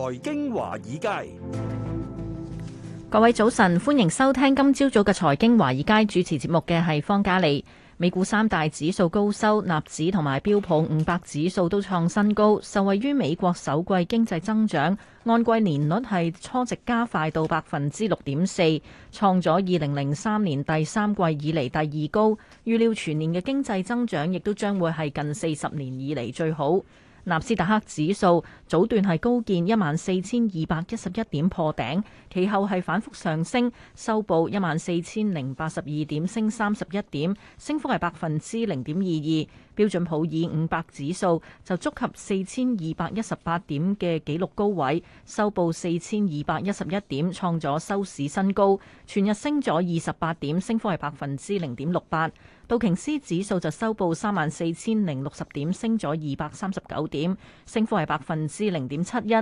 財經華爾街，各位早晨，歡迎收聽今朝早嘅財經華爾街，主持節目嘅係方嘉利。美股三大指數高收，納指同埋標普五百指數都創新高，受惠於美國首季經濟增長按季年率係初值加快到百分之六點四，創咗二零零三年第三季以嚟第二高。預料全年嘅經濟增長亦都將會係近四十年以嚟最好。納斯達克指數早段係高見一萬四千二百一十一點破頂，其後係反覆上升，收報一萬四千零八十二點，升三十一點，升幅係百分之零點二二。標準普爾五百指數就觸及四千二百一十八點嘅紀錄高位，收報四千二百一十一點，創咗收市新高，全日升咗二十八點，升幅係百分之零點六八。道瓊斯指數就收報三萬四千零六十點，升咗二百三十九點，升幅係百分之零點七一。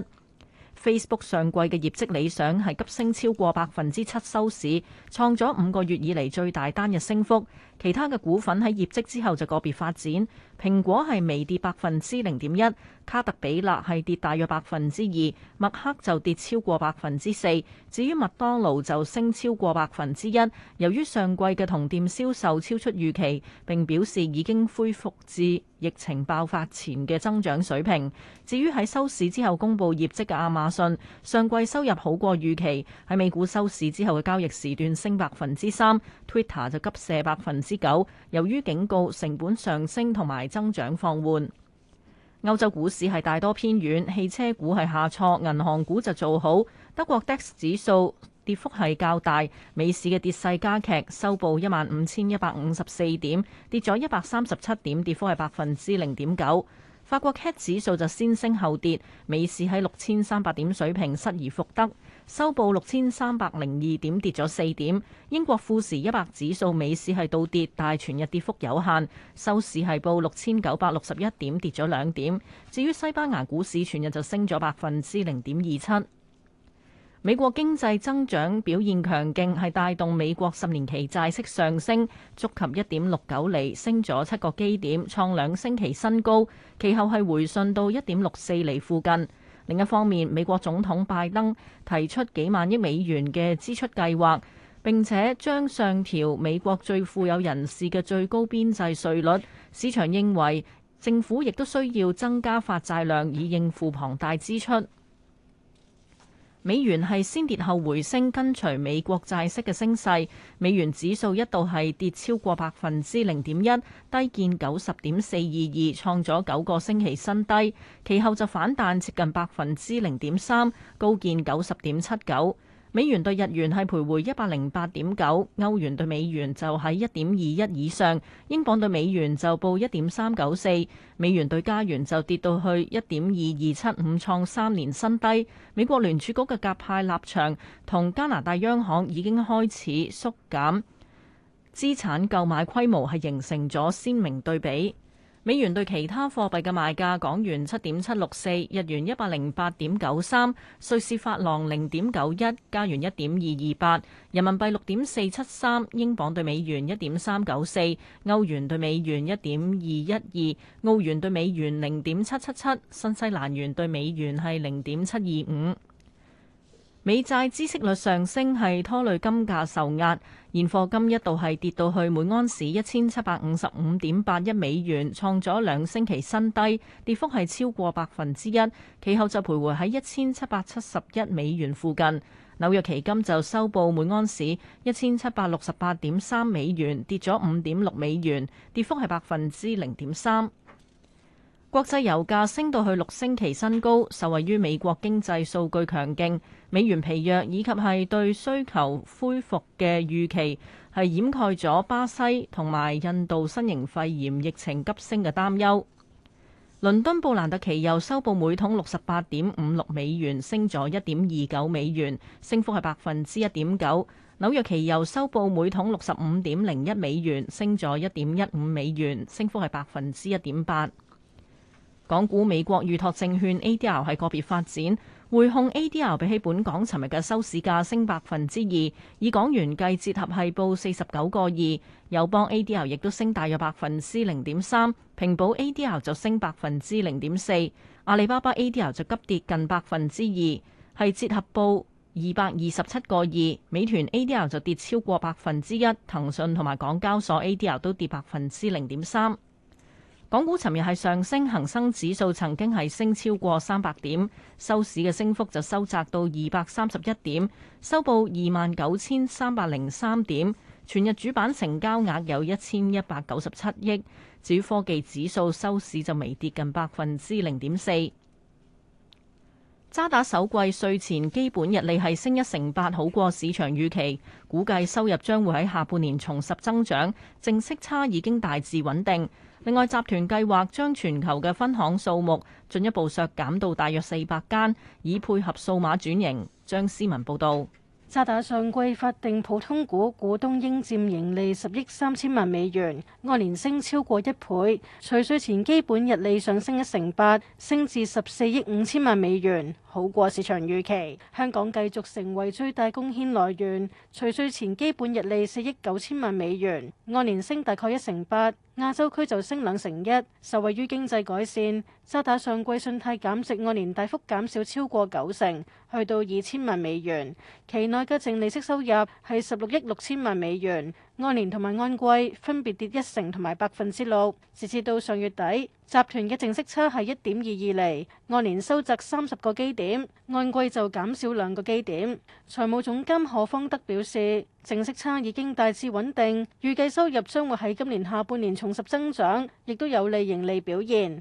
Facebook 上季嘅業績理想係急升超過百分之七收市，創咗五個月以嚟最大單日升幅。其他嘅股份喺業績之後就個別發展，蘋果係微跌百分之零點一，卡特彼勒係跌大約百分之二，麥克就跌超過百分之四。至於麥當勞就升超過百分之一，由於上季嘅同店銷售超出預期，並表示已經恢復至。疫情爆發前嘅增長水平。至於喺收市之後公佈業績嘅亞馬遜，上季收入好過預期，喺美股收市之後嘅交易時段升百分之三。Twitter 就急瀉百分之九，由於警告成本上升同埋增長放緩。歐洲股市係大多偏軟，汽車股係下挫，銀行股就做好。德國 DAX 指數。跌幅係較大，美市嘅跌勢加劇，收報一萬五千一百五十四點，跌咗一百三十七點，跌幅係百分之零點九。法國 CAC 指數就先升後跌，美市喺六千三百點水平失而復得，收報六千三百零二點，跌咗四點。英國富時一百指數美市係倒跌，但係全日跌幅有限，收市係報六千九百六十一點，跌咗兩點。至於西班牙股市全日就升咗百分之零點二七。美國經濟增長表現強勁，係帶動美國十年期債息上升，觸及一點六九厘，升咗七個基點，創兩星期新高。其後係回信到一點六四厘附近。另一方面，美國總統拜登提出幾萬億美元嘅支出計劃，並且將上調美國最富有人士嘅最高邊際稅率。市場認為政府亦都需要增加發債量以應付龐大支出。美元係先跌後回升，跟隨美國債息嘅升勢。美元指數一度係跌超過百分之零點一，低見九十點四二二，創咗九個星期新低。其後就反彈接近百分之零點三，高見九十點七九。美元對日元係徘徊一百零八點九，歐元對美元就喺一點二一以上，英鎊對美元就報一點三九四，美元對加元就跌到去一點二二七五，創三年新低。美國聯儲局嘅鴿派立場同加拿大央行已經開始縮減資產購買規模，係形成咗鮮明對比。美元對其他貨幣嘅賣價：港元七點七六四，日元一百零八點九三，瑞士法郎零點九一，加元一點二二八，人民幣六點四七三，英鎊對美元一點三九四，歐元對美元一點二一二，澳元對美元零點七七七，新西蘭元對美元係零點七二五。美債孳息率上升係拖累金價受壓，現貨金一度係跌到去每安士一千七百五十五點八一美元，創咗兩星期新低，跌幅係超過百分之一。其後就徘徊喺一千七百七十一美元附近。紐約期金就收報每安士一千七百六十八點三美元，跌咗五點六美元，跌幅係百分之零點三。國際油價升到去六星期新高，受惠於美國經濟數據強勁、美元疲弱以及係對需求恢復嘅預期，係掩蓋咗巴西同埋印度新型肺炎疫情急升嘅擔憂。倫敦布蘭特期油收報每桶六十八點五六美元，升咗一點二九美元，升幅係百分之一點九。紐約期油收報每桶六十五點零一美元，升咗一點一五美元，升幅係百分之一點八。港股、美國預託證券 ADR 係個別發展，匯控 ADR 比起本港尋日嘅收市價升百分之二，以港元計折合係報四十九個二。友邦 ADR 亦都升大約百分之零點三，平保 ADR 就升百分之零點四。阿里巴巴 ADR 就急跌近百分之二，係折合報二百二十七個二。美團 ADR 就跌超過百分之一，騰訊同埋港交所 ADR 都跌百分之零點三。港股尋日係上升，恒生指數曾經係升超過三百點，收市嘅升幅就收窄到二百三十一點，收報二萬九千三百零三點。全日主板成交額有一千一百九十七億，至於科技指數收市就微跌近百分之零點四。渣打首季稅前基本日利係升一成八，好過市場預期。估計收入將會喺下半年重拾增長，淨息差已經大致穩定。另外，集團計劃將全球嘅分行數目進一步削減到大約四百間，以配合數碼轉型。張思文報道。渣打上季法定普通股股東應佔盈利十億三千萬美元，按年升超過一倍，除稅前基本溢利上升一成八，升至十四億五千萬美元。好過市場預期，香港繼續成為最大貢獻來源，除稅前基本溢利四億九千萬美元，按年升大概一成八，亞洲區就升兩成一，受惠於經濟改善。渣打上季信貸減值按年大幅減少超過九成，去到二千萬美元，期內嘅淨利息收入係十六億六千萬美元。按年同埋按季分別跌一成同埋百分之六。截至到上月底，集團嘅淨息差係一點二二厘。按年收窄三十個基點，按季就減少兩個基點。財務總監何方德表示，淨息差已經大致穩定，預計收入將會喺今年下半年重拾增長，亦都有利盈利表現。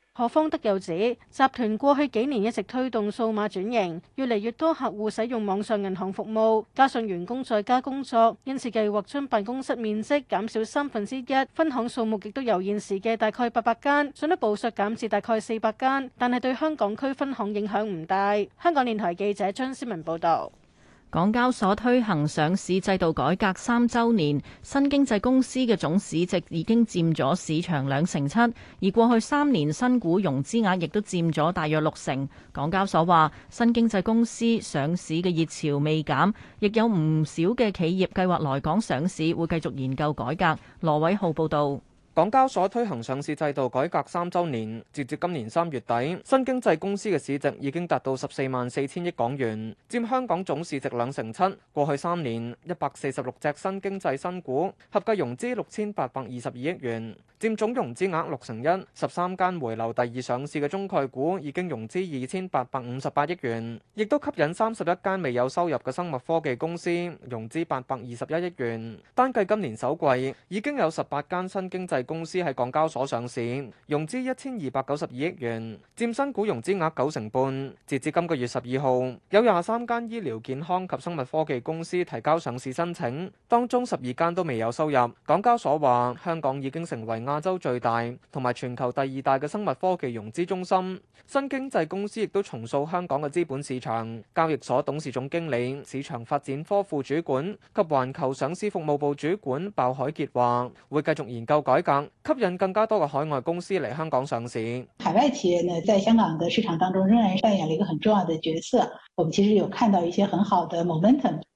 何方德又指，集團過去幾年一直推動數碼轉型，越嚟越多客戶使用網上銀行服務，加上員工在家工作，因此計劃將辦公室面積減少三分之一，分行數目亦都由現時嘅大概八百間，進一步削減至大概四百間，但係對香港區分行影響唔大。香港電台記者張思文報道。港交所推行上市制度改革三周年，新經濟公司嘅總市值已經佔咗市場兩成七，而過去三年新股融資額亦都佔咗大約六成。港交所話，新經濟公司上市嘅熱潮未減，亦有唔少嘅企業計劃來港上市，會繼續研究改革。羅偉浩報道。港交所推行上市制度改革三周年，截至今年三月底，新經濟公司嘅市值已經達到十四萬四千億港元，占香港總市值兩成七。過去三年，一百四十六隻新經濟新股合計融資六千八百二十二億元，占總融資額六成一。十三間回流第二上市嘅中概股已經融資二千八百五十八億元，亦都吸引三十一間未有收入嘅生物科技公司融資八百二十一億元。單計今年首季，已經有十八間新經濟。公司喺港交所上市，融資一千二百九十二億元，佔新股融資額九成半。截至今個月十二號，有廿三間醫療健康及生物科技公司提交上市申請，當中十二間都未有收入。港交所話，香港已經成為亞洲最大同埋全球第二大嘅生物科技融資中心。新經濟公司亦都重塑香港嘅資本市場。交易所董事總經理、市場發展科副主管及環球上市服務部主管鮑海杰話，會繼續研究改革。吸引更加多嘅海外公司嚟香港上市。海外企業呢，在香港嘅市場當中，仍然扮演了一個很重要的角色。我們其實有看到一些很好的 momentum。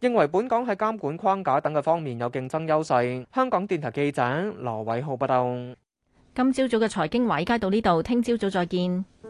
認為本港喺監管框架等嘅方面有競爭優勢。香港電台記者羅偉浩報道。今朝早嘅財經華爾街到呢度，聽朝早，早再見。